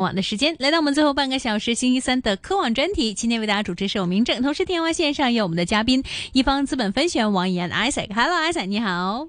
網的時間來到我們最後半個小時，星期三的科網專題。今天為大家主持是我明正，同時電話線上有我們的嘉賓，一方資本分析員王逸研 Isaac。Hello Isaac，你好。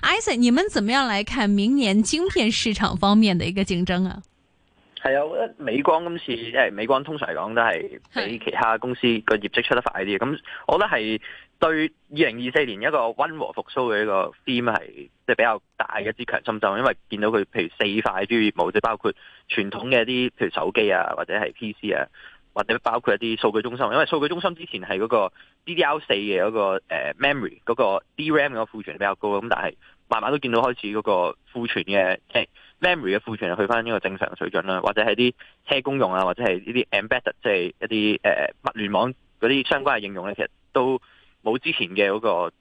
Isaac，你們怎麼樣來看明年晶片市場方面的一個競爭啊？係啊，我覺得美光今次即係美光通常嚟講都係比其他公司個業績出得快啲。咁我覺得係對二零二四年一個溫和復甦嘅一個 theme 係即係比較大的一支強心針，因為見到佢譬如四塊嘅業務即包括傳統嘅一啲譬如手機啊或者係 PC 啊，或者包括一啲數據中心，因為數據中心之前係嗰個 DDR 四嘅，那，嗰個誒、呃、memory 嗰個 DRAM 嘅個庫存比較高，咁但係，慢慢都見到開始嗰個庫存嘅即係 memory 嘅庫存去翻一個正常嘅水準啦，或者係啲車公用啊，或者係呢啲 embedded 即係一啲誒物聯網嗰啲相關嘅應用咧，其實都冇之前嘅嗰個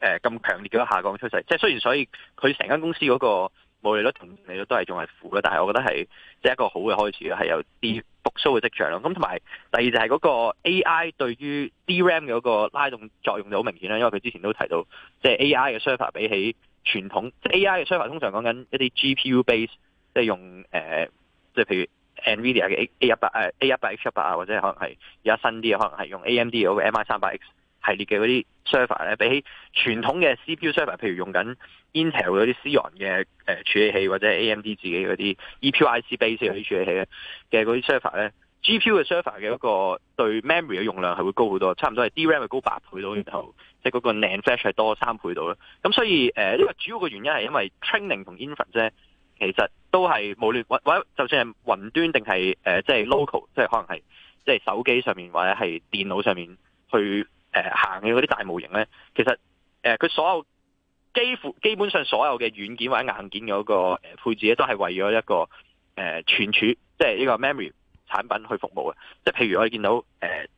誒咁強烈嘅下降趨勢。即係雖然所以佢成間公司嗰個毛利率同營業利都係仲係負啦，但係我覺得係即係一個好嘅開始啦，係有啲復甦嘅跡象咯。咁同埋第二就係嗰個 AI 對於 DRAM 嘅嗰個拉動作用就好明顯啦，因為佢之前都提到即係、就是、AI 嘅 server 比起傳統，即係 AI 嘅 server 通常講緊一啲 GPU base，即係用誒，即係譬如 NVIDIA 嘅 A A 一百誒 A 一百 H 一百啊，或者可能係而家新啲嘅可能係用 AMD 嘅 MI 三百 X 系列嘅嗰啲 server 咧，比起傳統嘅 CPU server，譬如用緊 Intel 嗰啲 Xeon 嘅誒處理器或者 AMD 自己嗰啲 EPYC base 嘅處理器嘅嘅啲 server 咧。GPU 嘅 server 嘅嗰個對 memory 嘅用量係會高好多，差唔多係 DRAM 係高八倍到，然後即係嗰個 Nand Flash 係多三倍到啦。咁所以誒呢、呃這個主要嘅原因係因為 training 同 inference 咧，其實都係無論或或者就算係雲端定係誒即係 local，即係可能係即係手機上面或者係電腦上面去、呃、行嘅嗰啲大模型咧，其實誒佢、呃、所有幾乎基本上所有嘅軟件或者硬件嘅嗰個配置咧，都係為咗一個誒、呃、存儲，即係呢個 memory。產品去服務嘅，即係譬如我哋見到誒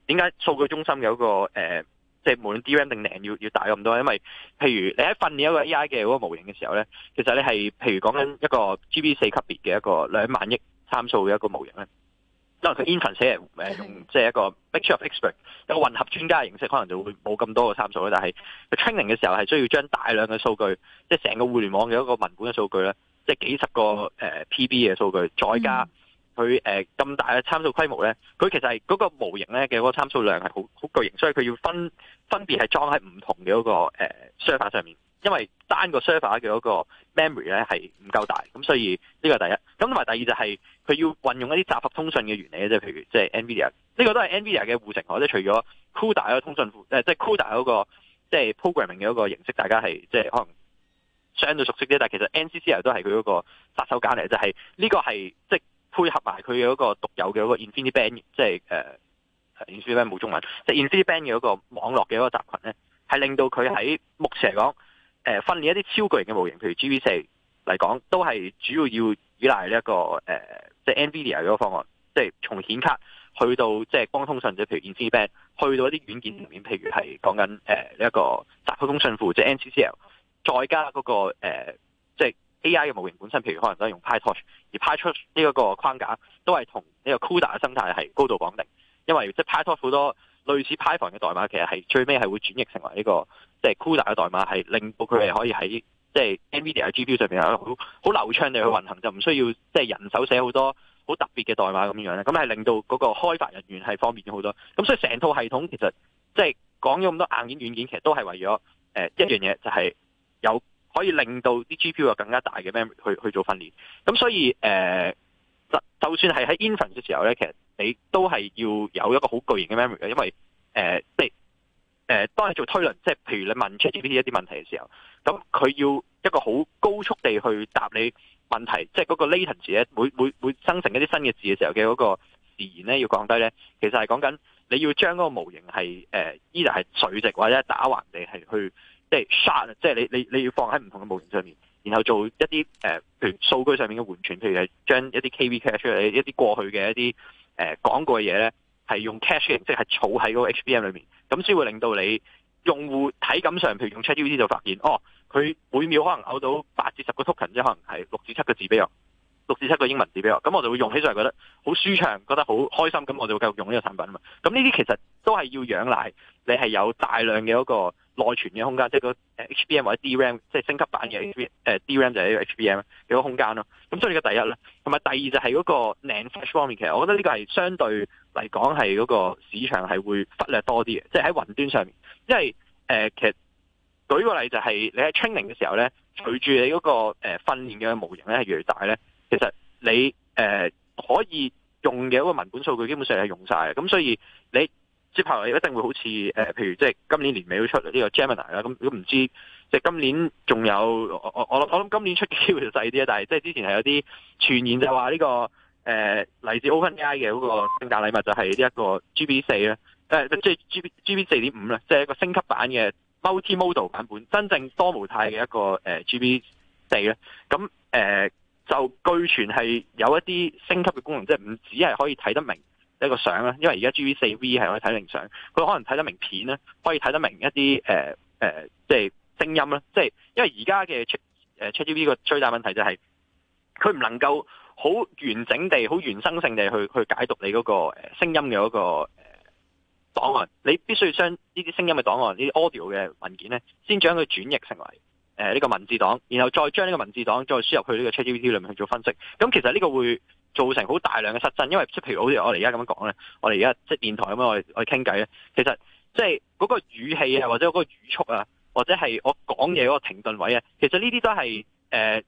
點解數據中心有個誒，即係無論 DRAM 定 NAND 要要大咁多，因為譬如你喺訓練一個 AI 嘅嗰個模型嘅時候咧，其實你係譬如講緊一個 GB 四級別嘅一個兩萬億參數嘅一個模型咧，可能佢 inference 用即係一個 mix of expert 一個混合專家嘅形式，可能就會冇咁多個參數咧，但係佢 training 嘅時候係需要將大量嘅數據，即係成個互聯網嘅一個文本嘅數據咧，即係幾十個 PB 嘅數據再加。佢誒咁大嘅參數規模咧，佢其實係嗰個模型咧嘅嗰個參數量係好好巨型，所以佢要分分別係裝喺唔同嘅嗰個誒 server 上面，因為單個 server 嘅嗰個 memory 咧係唔夠大，咁所以呢個係第一。咁同埋第二就係佢要運用一啲集合通訊嘅原理，即係譬如即係 NVIDIA，呢個都係 NVIDIA 嘅護城河，我即係除咗 CUDA 嗰、就是、個通訊，即係即 CUDA 嗰個即係 programming 嘅嗰個形式，大家係即係可能相對熟悉啲，但係其實 NCCL 都係佢嗰個殺手鐧嚟，就係、是、呢個即係。就是配合埋佢嘅一個獨有嘅一個 InfiniBand，即係呃，InfiniBand 冇中文，即係 InfiniBand 嘅一個網絡嘅一個集群咧，係令到佢喺目前嚟講，呃，訓練一啲超巨型嘅模型，譬如 GPT-4 嚟講，都係主要要依賴呢一個呃，即係 NVIDIA 嗰個方案，即係從顯卡去到即係光通信，即係譬如 InfiniBand 去到一啲軟件層面，譬如係講緊呃，呢一個集合通訊庫，即係 NCCL，再加嗰個呃。A.I. 嘅模型本身，譬如可能都係用 PyTorch 而 PyTorch 呢一個框架都係同呢個 CUDA 嘅生態係高度綁定，因為即 PyTorch 好多類似 Python 嘅代碼，其實係最尾係會轉譯成為呢個即係 CUDA 嘅代碼，係令到佢哋可以喺即係 NVIDIA 嘅 GPU 上面好好流暢地去運行，就唔需要即係人手寫好多好特別嘅代碼咁樣咧。咁係令到嗰個開發人員係方便咗好多。咁所以成套系統其實即係講咗咁多硬件軟件，其實都係為咗、呃、一樣嘢，就係有。可以令到啲 GPU 有更加大嘅 memory 去去做訓練，咁所以就就算係喺 inference 嘅時候咧，其實你都係要有一個好巨型嘅 memory 嘅，因為誒，即當你做推論，即係譬如你問 ChatGPT 一啲問題嘅時候，咁佢要一個好高速地去答你問題，即係嗰個 latency 咧，會每每生成一啲新嘅字嘅時候嘅嗰個時延咧，要降低咧，其實係講緊你要將嗰個模型係依度係垂直或者打橫地係去。即係 shut，即係你你你要放喺唔同嘅模型上面，然後做一啲誒、呃，譬如數據上面嘅緩存，譬如係將一啲 KV cache 出嚟，一啲過去嘅一啲誒講過嘅嘢咧，係、呃、用 cache 嘅形式係儲喺嗰個 HBM 裏面，咁先會令到你用戶體感上，譬如用 ChatGPT 就發現，哦，佢每秒可能嘔到八至十個 token 即可能係六至七個字俾我，六至七個英文字俾我，咁我就會用起上嚟覺得好舒暢，覺得好開心，咁我就會繼續用呢個產品啊嘛。咁呢啲其實都係要仰賴，你係有大量嘅一、那個。內存嘅空間，即、就、係、是、個 HBM 或者 DRAM，即係升級版嘅誒、呃、DRAM 就係 HBM 嘅個空間咯。咁所以個第一啦同埋第二就係嗰個冷 fresh 方面，其實我覺得呢個係相對嚟講係嗰個市場係會忽略多啲嘅，即係喺雲端上面，因為誒、呃，其實舉個例就係、是、你喺 training 嘅時候咧，隨住你嗰個訓練嘅模型咧係越，越大咧，其實你誒、呃、可以用嘅嗰個文本數據基本上係用晒嘅，咁所以你。接係後一定會好似誒，譬如即係今年年尾會出呢、這個 Gemini 啦。咁如果唔知即係今年仲有我我我我諗今年出機會就細啲啦。但係即係之前係有啲傳言就話呢、這個誒嚟、呃、自 OpenAI 嘅嗰個聖誕禮物就係呢一個 GB4，呃就是、GB 四咧，誒即係 GB GB 四點五啦，即係一個升級版嘅 Multi-Modal 版本，真正多模態嘅一個誒 GB 四咧。咁、呃、誒就據傳係有一啲升級嘅功能，即係唔只係可以睇得明。一個相啦，因為而家 G V 四 V 係可以睇明相，佢可能睇得明片咧，可以睇得明一啲誒誒，即、呃、係、呃就是、聲音咧，即、就、係、是、因為而家嘅 c 出誒出 G V 個最大問題就係佢唔能夠好完整地、好原生性地去去解讀你嗰、那個誒、呃、聲音嘅嗰、那個誒檔、呃、案，你必須要將呢啲聲音嘅檔案、呢啲 audio 嘅文件咧，先將佢轉譯成為。誒、這、呢個文字檔，然後再將呢個文字檔再輸入去呢個 ChatGPT 裏面去做分析，咁其實呢個會造成好大量嘅失真，因為即係譬如好似我哋而家咁樣講咧，我哋而家即係電台咁樣我我傾偈咧，其實即係嗰個語氣啊，或者嗰個語速啊，或者係我講嘢嗰個停頓位啊，其實呢啲都係誒，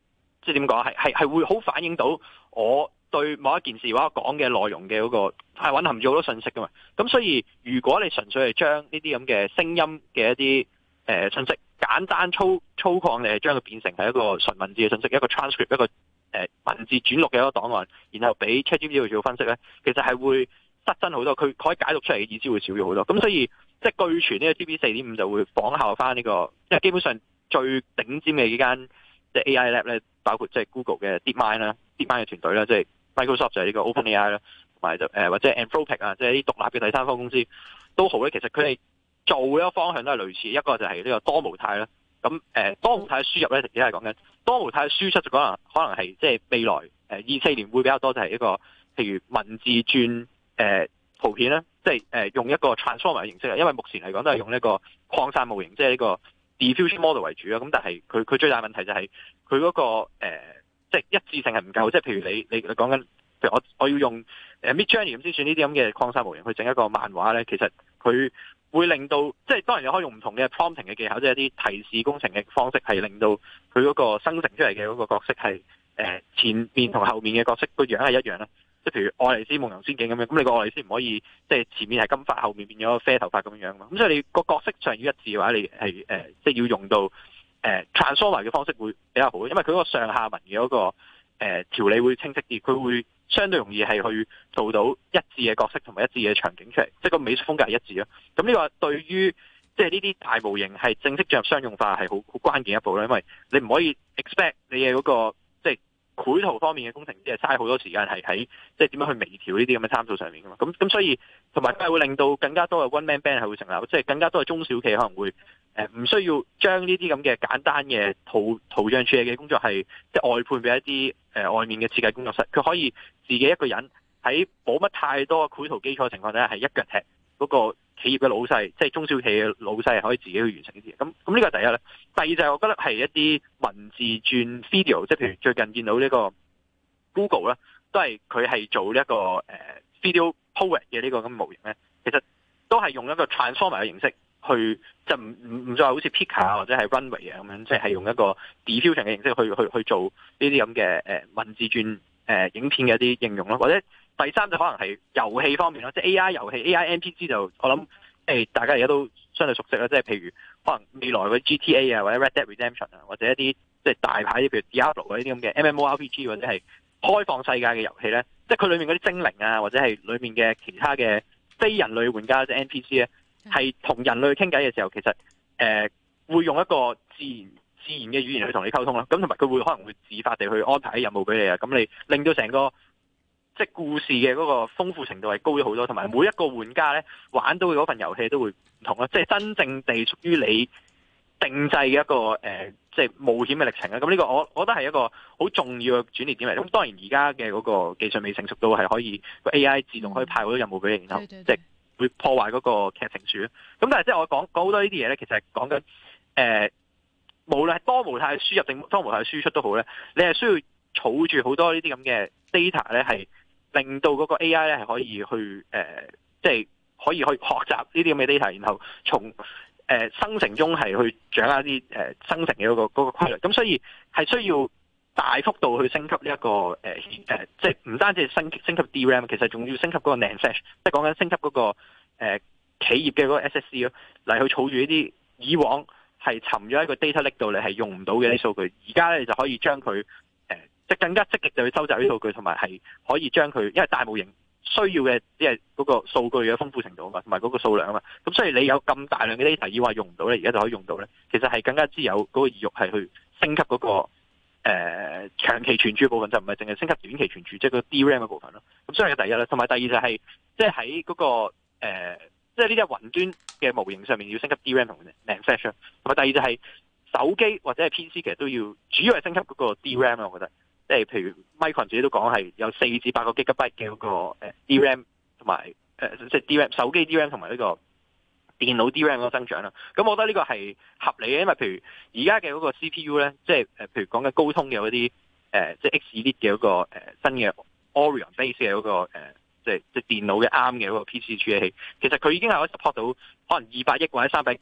即係點講係係會會好反映到我對某一件事或者我講嘅內容嘅嗰、那個係蘊含住好多信息噶嘛。咁所以如果你純粹係將呢啲咁嘅聲音嘅一啲誒、呃、信息。簡單粗粗獷將佢變成係一個純文字嘅信息，一個 transcript，一個、呃、文字轉錄嘅一個檔案，然後俾 chatGPT 去做分析咧，其實係會失真好多，佢可以解讀出嚟嘅意思會少咗好多。咁所以即係據傳呢個 GB 四點五就會仿效翻呢、這個，即係基本上最頂尖嘅幾間即係 AI lab 咧，包括即係 Google 嘅 DeepMind 啦、DeepMind 嘅團隊啦，即係 Microsoft 就係呢個 OpenAI 啦，同埋就或者 Anthropic 啊，即係啲獨立嘅第三方公司都好咧。其實佢哋。做呢個方向都係類似，一個就係呢個多模態啦。咁誒，多模態嘅輸入咧，接係講緊多模態嘅輸出就可能可能係即係未來誒二四年會比較多，就係一個譬如文字轉誒圖片咧，即係誒用一個 transformer 嘅形式啊。因為目前嚟講都係用呢個擴散模型，即係呢個 diffusion model 為主啊。咁但係佢佢最大問題就係佢嗰個誒即係一致性係唔夠。即係譬如你你你講緊譬如我我要用、呃、Midjourney 咁先算呢啲咁嘅擴散模型去整一個漫畫咧，其實佢。會令到即係當然又可以用唔同嘅 prompting 嘅技巧，即係一啲提示工程嘅方式，係令到佢嗰個生成出嚟嘅嗰個角色係誒前面同後面嘅角色個樣係一樣啦。即係譬如愛麗絲夢遊仙境咁樣，咁你個愛麗絲唔可以即係前面係金髮，後面變咗個啡頭髮咁樣噶嘛。咁所以你個角色上要一致嘅話，你係誒、呃、即係要用到誒 transformer 嘅方式會比較好，因為佢嗰個上下文嘅嗰、那個誒、呃、條理會清晰啲，佢會。相對容易係去做到一致嘅角色同埋一致嘅場景出嚟，即係個美術風格係一致咯。咁呢個對於即係呢啲大模型係正式進入商用化係好好關鍵一步咯，因為你唔可以 expect 你嘅嗰個。繪圖方面嘅工程師係嘥好多時間是在，係喺即係點樣去微調呢啲咁嘅參數上面噶嘛？咁咁所以同埋都係會令到更加多嘅 one man band 係會成立，即、就、係、是、更加多嘅中小企可能會誒唔、呃、需要將呢啲咁嘅簡單嘅圖圖像處理嘅工作係即係外判俾一啲誒、呃、外面嘅設計工作室，佢可以自己一個人喺冇乜太多繪圖基礎嘅情況底下係一腳踢。嗰個企業嘅老細，即係中小企嘅老細，係可以自己去完成呢啲嘢。咁咁呢個係第一咧。第二就係我覺得係一啲文字轉 video，即係譬如最近見到呢個 Google 咧，都係佢係做一個 video poet 嘅呢個咁模型咧。其實都係用一個 transformer 嘅形式去，就唔唔唔再好似 pika 啊或者係 runway 啊咁樣，即係用一個 diffusion 嘅形式去去去做呢啲咁嘅文字轉影片嘅一啲應用咯，或者。第三就可能係遊戲方面咯，即、就是、A.I. 遊戲 A.I.N.P.C. 就我諗、欸、大家而家都相對熟悉啦。即、就、係、是、譬如可能未來啲 G.T.A. 啊，或者 Red Dead Redemption 啊，或者一啲即係大牌啲，譬如 Diablo 嗰啲咁嘅 M.M.O.R.P.G. 或者係開放世界嘅遊戲咧，即係佢裏面嗰啲精靈啊，或者係裏面嘅其他嘅非人類玩家即係、就是、N.P.C. 咧，係同人類傾偈嘅時候，其實誒、呃、會用一個自然自然嘅語言去同你溝通啦。咁同埋佢會可能會自發地去安排啲任務俾你啊。咁你令到成個即係故事嘅嗰個豐富程度係高咗好多，同埋每一個玩家咧玩到嘅嗰份遊戲都會唔同啦，即係真正地屬於你定制嘅一個誒、呃，即係冒險嘅歷程啦。咁呢個我我覺得係一個好重要嘅轉捩點嚟。咁當然而家嘅嗰個技術未成熟到係可以 AI 自動可以派好多任務俾你，然後即係會破壞嗰個劇情樹。咁但係即係我講講好多這些東西呢啲嘢咧，其實係講緊誒無論係多模態輸入定多模態輸出都好咧，你係需要儲住好多這些呢啲咁嘅 data 咧係。令到嗰個 A.I. 咧係可以去即係、呃就是、可以去學習呢啲咁嘅 data，然後從、呃、生成中係去掌握啲、呃、生成嘅嗰、那個嗰、那個規律。咁所以係需要大幅度去升級呢、這、一個即係唔單止升升級 D.R.A.M.，其實仲要升級嗰個 Nand Flash 即係講緊升級嗰、那個、呃、企業嘅嗰個 S.S.D. 咯，嚟去儲住啲以往係沉咗喺個 data lake 度你係用唔到嘅啲數據，而家咧就可以將佢。即係更加積極，就去收集呢啲數據，同埋係可以將佢，因為大模型需要嘅即係嗰個數據嘅豐富程度啊嘛，同埋嗰個數量啊嘛。咁所以你有咁大量嘅 data，以往用唔到咧，而家就可以用到咧。其實係更加之有嗰個意欲係去升級嗰、那個誒、呃、長期存儲部分，就唔係淨係升級短期存儲，即、就、係、是、個 DRAM 嘅部分咯。咁所以第一咧，同埋第二就係即係喺嗰個即係呢啲雲端嘅模型上面要升級 DRAM 同嘅 memory，同埋第二就係、是、手機或者係 PC 其實都要主要係升級嗰個 DRAM 啊，我覺得。即係譬如 Micron 自己都講係有四至八個 GigaByte 嘅嗰個 DRAM 同埋誒即係 DRAM 手機 DRAM 同埋呢個電腦 DRAM 嗰個增長啦。咁我覺得呢個係合理嘅，因為譬如而家嘅嗰個 CPU 咧、呃，即係誒譬如講緊高通嘅嗰啲誒即係 X Elite 嘅嗰個新嘅 Oryon base 嘅嗰個即係即係電腦嘅 ARM 嘅嗰個 PC 處理器，其實佢已經係可以 support 到可能二百億或者三百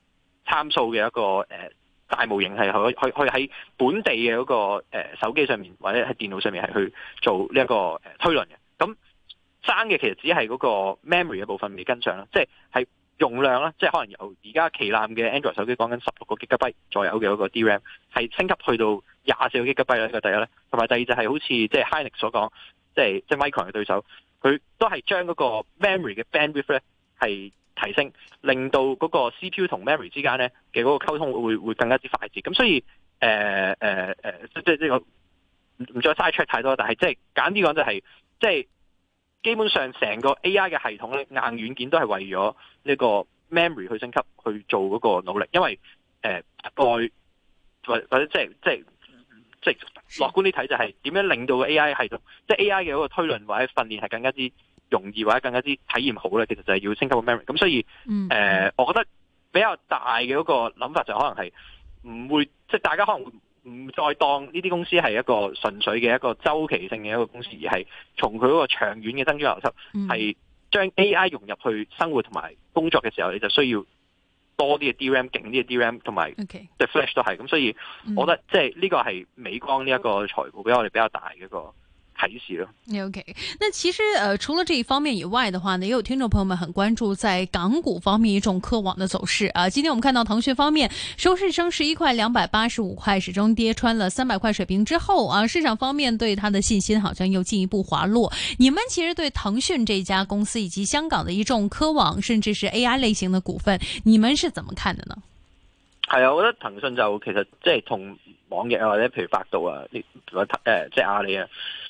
參數嘅一個誒。呃大模型係去去去喺本地嘅嗰個誒手機上面，或者喺電腦上面係去做呢一個誒推論嘅。咁爭嘅其實只係嗰個 memory 嘅部分未跟上啦，即係係容量啦，即係可能由而家旗艦嘅 Android 手機講緊十六個 gigabyte 左右嘅嗰個 DRAM 係升級去到廿四個 gigabyte 啦。呢個第一咧，同埋第二就係好似即係 Hynix 所講，即係即係 Micron 嘅對手，佢都係將嗰個 memory 嘅 bandwidth 係，係提升，令到嗰個 CPU 同 memory 之間咧嘅嗰個溝通會會更加之快捷。咁所以誒誒誒，即係呢個唔再嘥 check 太多。但係即係簡單啲講就係、是，即係基本上成個 AI 嘅系統咧，硬軟件都係為咗呢個 memory 去升級去做嗰個努力。因為誒，外、呃、或或者即係即係即係樂觀啲睇就係、是、點樣令到 AI 系統，即係 AI 嘅嗰個推論或者訓練係更加之。容易或者更加之體驗好咧，其實就係要升級個 memory。咁所以，誒、嗯嗯呃、我覺得比較大嘅嗰個諗法，就可能係唔會，即係大家可能唔再當呢啲公司係一個純粹嘅一個周期性嘅一個公司，嗯、而係從佢個長遠嘅增長邏輯係將 AI 融入去生活同埋工作嘅時候，你就需要多啲嘅 DRAM，勁啲嘅 DRAM，同埋 Flash 都係。咁所以，我覺得即係呢個係美光呢一個財報俾我哋比較大嘅一個。O、okay. K，那其實，呃，除了這一方面以外的話呢，也有聽眾朋友們很關注在港股方面一眾科網的走勢啊。今天我們看到騰訊方面收市升十一塊兩百八十五塊，始終跌穿了三百塊水平之後啊，市場方面對它的信心好像又進一步滑落。你們其實對騰訊這家公司以及香港的一眾科網，甚至是 A I 類型的股份，你們是怎麼看的呢？係啊，我覺得騰訊就其實即係同網易啊，或者譬如百度啊，誒，即、呃、係、就是、阿里啊。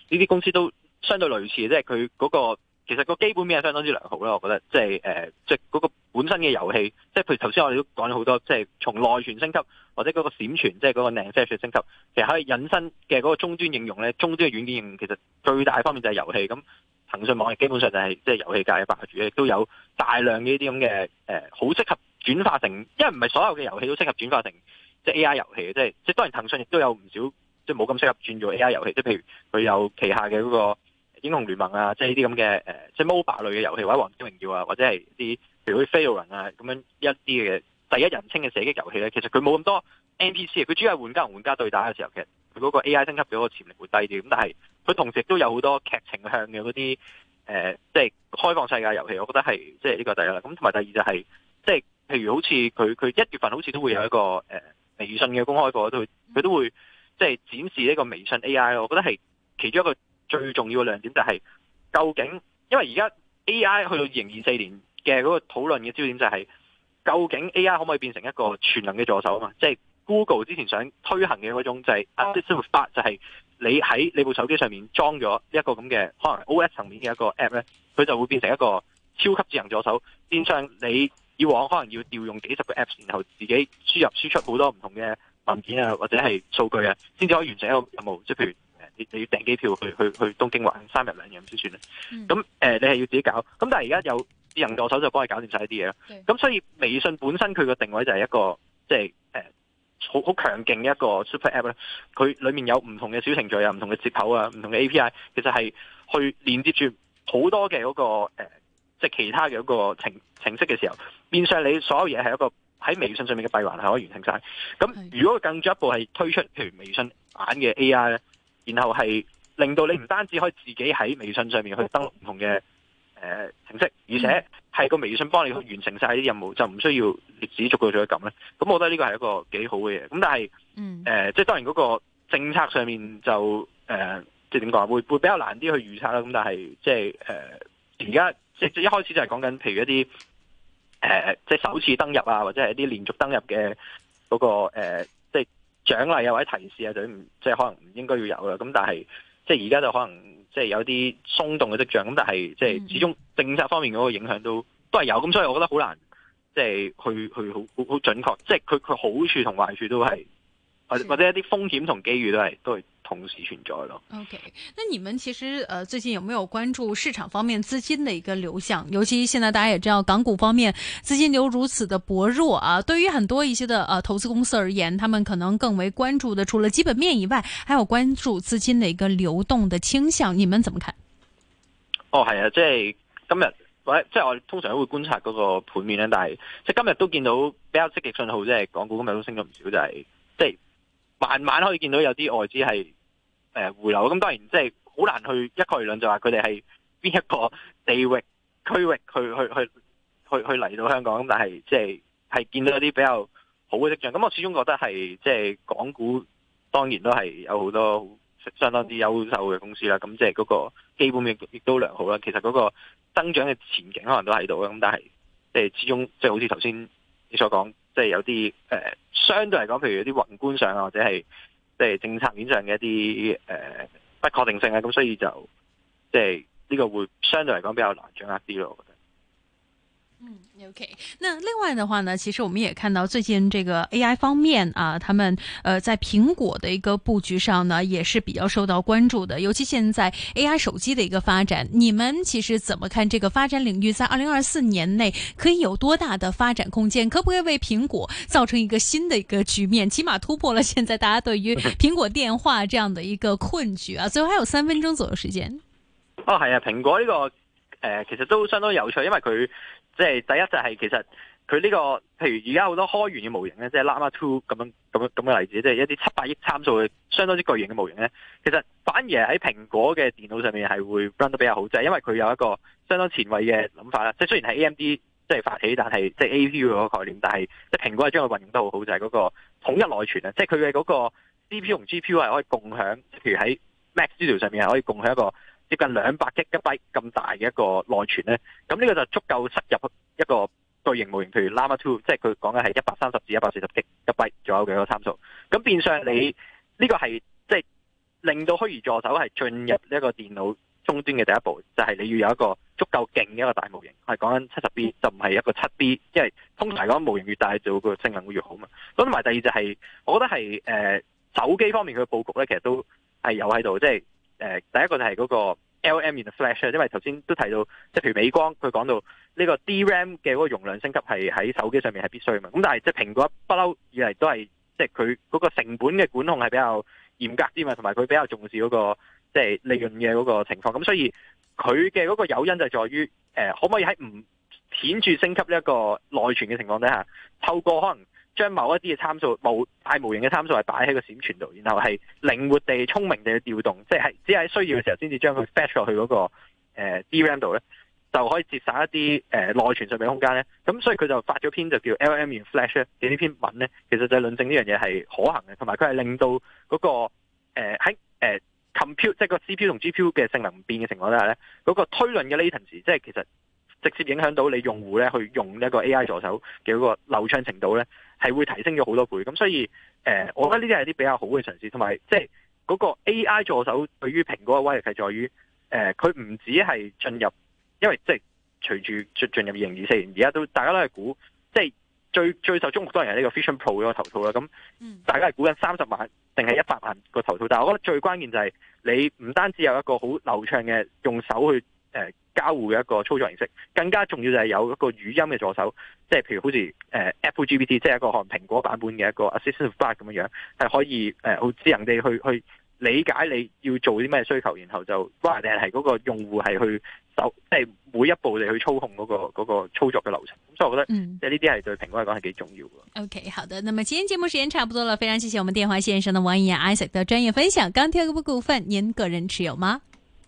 呢啲公司都相對類似，即係佢嗰個其實個基本面係相當之良好啦。我覺得即係誒，即係嗰個本身嘅遊戲，即係譬如頭先我哋都講咗好多，即係從內存升級或者嗰個閃存，即係嗰個 NAND 升級，其實可以引申嘅嗰個終端應用咧，終端嘅軟件應用其實最大嘅方面就係遊戲。咁騰訊網係基本上就係即係遊戲界嘅霸主，都有大量嘅呢啲咁嘅誒，好適合轉化成，因為唔係所有嘅遊戲都適合轉化成即係 A R 遊戲，即係，即係當然騰訊亦都有唔少。即係冇咁適合轉做 A.I. 遊戲，即係譬如佢有旗下嘅嗰個英雄聯盟啊，即係呢啲咁嘅誒，即係 MOBA 類嘅遊戲，或者《王者榮耀》啊，或者係啲譬如啲、啊《Fate》啊咁樣一啲嘅第一人稱嘅射擊遊戲咧，其實佢冇咁多 N.P.C.，佢主要係玩家同玩家對打嘅時候，其實佢嗰個 A.I. 升級嘅個潛力會低啲。咁但係佢同時都有好多劇情向嘅嗰啲誒，即係開放世界遊戲，我覺得係即係呢個第一啦。咁同埋第二就係、是、即係譬如好似佢佢一月份好似都會有一個誒、呃、微信嘅公開課，都佢都會。嗯。即係展示呢個微信 AI 咯，我覺得係其中一個最重要嘅亮點，就係究竟，因為而家 AI 去到二零二四年嘅嗰個討論嘅焦點就係究竟 AI 可唔可以變成一個全能嘅助手啊？嘛，即係 Google 之前想推行嘅嗰種就係啊，即生活就係你喺你部手機上面裝咗一個咁嘅可能 OS 層面嘅一個 app 咧，佢就會變成一個超級智能助手，變相你以往可能要調用幾十個 apps，然後自己輸入輸出好多唔同嘅。文件啊，或者係數據啊，先至可以完成一個任務。即係譬如誒，你你要訂機票去去去東京玩三日兩夜咁先算啦。咁、嗯、誒、呃，你係要自己搞，咁但係而家有智能助手就幫你搞掂晒一啲嘢啦。咁所以微信本身佢個定位就係一個即係誒好好強勁一個 super app 咧。佢裏面有唔同嘅小程序啊、唔同嘅接口啊、唔同嘅 API，其實係去連接住好多嘅嗰、嗰個即係、呃、其他嘅嗰個程程式嘅時候，變相你所有嘢係一個。喺微信上面嘅閉環係可以完成晒。咁如果佢更進一步係推出譬如微信版嘅 AI 咧，然後係令到你唔單止可以自己喺微信上面去登錄唔同嘅誒程式，而且係個微信幫你去完成晒啲任務，就唔需要你自己逐個逐個撳咧。咁我覺得呢個係一個幾好嘅嘢。咁但係誒、嗯呃，即係當然嗰個政策上面就誒、呃，即係點講啊？會會比較難啲去預測啦。咁但係即係誒，而、呃、家即係一開始就係講緊譬如一啲。誒、呃，即係首次登入啊，或者係一啲連續登入嘅，嗰、那個誒、呃，即係獎勵啊，或者提示啊，就唔即係可能唔應該要有啦。咁但係即係而家就可能即係有啲鬆動嘅跡象。咁但係即係始終政策方面嗰個影響都都係有的。咁所以我覺得好難，即係去去好好好準確。即係佢佢好處同壞處都係。或或者一啲風險同機遇都係都係同時存在咯。OK，那你們其實呃最近有沒有關注市場方面資金的一個流向？尤其現在大家也知道港股方面資金流如此的薄弱啊，對於很多一些的呃投資公司而言，他們可能更為關注的除了基本面以外，還有關注資金的一個流動的傾向。你們怎麼看？哦，係啊，即係今日，即係我哋通常都會觀察嗰個盤面呢。但係即係今日都見到比較積極信號，即係港股今日都升咗唔少，就係、是、即係。慢慢可以見到有啲外資係誒回流，咁當然即係好難去一概而論，就話佢哋係邊一個地域區域去去去去去嚟到香港，咁但係即係係見到一啲比較好嘅跡象。咁我始終覺得係即係港股當然都係有好多很相當之優秀嘅公司啦，咁即係嗰個基本面亦都良好啦。其實嗰個增長嘅前景可能都喺度，咁但係即係始終即係、就是、好似頭先你所講。即係有啲誒相對嚟講，譬如有啲宏觀上啊，或者係即係政策面上嘅一啲誒不確定性啊，咁所以就即係呢個會相對嚟講比較難掌握啲咯，我覺得。嗯，OK。那另外的話呢，其實我們也看到最近這個 AI 方面啊，他們呃在蘋果的一個布局上呢，也是比較受到關注的。尤其現在 AI 手機的一個發展，你們其實怎麼看這個發展領域在2024年內可以有多大的發展空間？可不可以為蘋果造成一個新的一個局面？起碼突破了現在大家對於蘋果電話這樣的一個困局啊。最後還有三分鐘左右時間。哦，係啊，蘋果呢、這個、呃、其實都相當有趣，因為佢。即係第一就係其實佢呢、這個，譬如而家好多開源嘅模型咧，即係 l a m a Two 咁樣咁樣咁嘅例子，即係一啲七八億參數嘅相當之巨型嘅模型咧。其實反而喺蘋果嘅電腦上面係會 run 得比較好，即、就、係、是、因為佢有一個相當前衞嘅諗法啦。即係雖然係 AMD 即係發起，但係即係 APU 嗰個概念，但係即係蘋果係將佢運用得好好，就係、是、嗰個統一內存啦。即係佢嘅嗰個 CPU 同 GPU 係可以共享，譬如喺 Max 資料上面係可以共享一個。接近兩百 GByte 咁大嘅一個內存咧，咁呢個就足夠塞入一個巨型模型，譬如 Llama 2，即係佢講緊係一百三十至一百四十 GByte 左右嘅一個參數。咁變相你呢、這個係即係令到虛擬助手係進入呢一個電腦終端嘅第一步，就係、是、你要有一個足夠勁嘅一個大模型，係講緊七十 B 就唔係一個七 B，因為通常講模型越大，就個性能會越好嘛。咁同埋第二就係、是，我覺得係誒、呃、手機方面嘅佈局咧，其實都係有喺度，即、就、係、是。誒，第一個就係嗰個 L M in flash，因為頭先都提到，即係譬如美光佢講到呢個 D R A M 嘅嗰個容量升級係喺手機上面係必須嘅，咁但係即係蘋果不嬲以嚟都係即係佢嗰個成本嘅管控係比較嚴格啲嘛，同埋佢比較重視嗰、那個即係、就是、利潤嘅嗰個情況，咁所以佢嘅嗰個誘因就係在於誒、呃，可唔可以喺唔顯著升級呢一個內存嘅情況底下，透過可能將某一啲嘅參數無大模型嘅參數，係擺喺個閃存度，然後係靈活地、聰明地去調動，即係只係需要嘅時候先至將佢 fetch 落去嗰個、呃、DRAM 度咧，就可以節省一啲誒內存上面嘅空間咧。咁所以佢就發咗篇就叫 LM in Flash 嘅呢篇文咧，其實就論證呢樣嘢係可行嘅，同埋佢係令到嗰個喺、呃呃、compute 即係個 CPU 同 GPU 嘅性能唔變嘅情況底下咧，嗰、嗰個推論嘅 latency 即係其實。直接影響到你用戶咧去用一個 AI 助手嘅嗰個流暢程度咧，係會提升咗好多倍。咁所以誒、呃，我覺得呢啲係一啲比較好嘅嘗試，同埋即係嗰個 AI 助手對於蘋果嘅威力係在於誒，佢唔止係進入，因為即係隨住進入二零二四年，而家都大家都係估，即係最最受中國多人係呢個 Vision Pro 嗰個頭套啦。咁大家係估緊三十萬定係一百萬個頭套，但我覺得最關鍵就係你唔單止有一個好流暢嘅用手去。誒、呃、交互嘅一個操作形式，更加重要就係有一個語音嘅助手，即係譬如好似誒、呃、Apple GPT 即係一個可能蘋果版本嘅一個 assistant bot 咁樣樣，係可以誒好智能地去去理解你要做啲咩需求，然後就幫你係嗰個用戶係去走，即係每一步你去操控嗰、那個那個操作嘅流程。咁所以我覺得即係呢啲係對蘋果嚟講係幾重要嘅。OK，好的，那麼今日節目時間差唔多了，非常謝謝我們電話先生的王逸研 Isaac 專業分享。剛聽嗰部分，您個人持有嗎？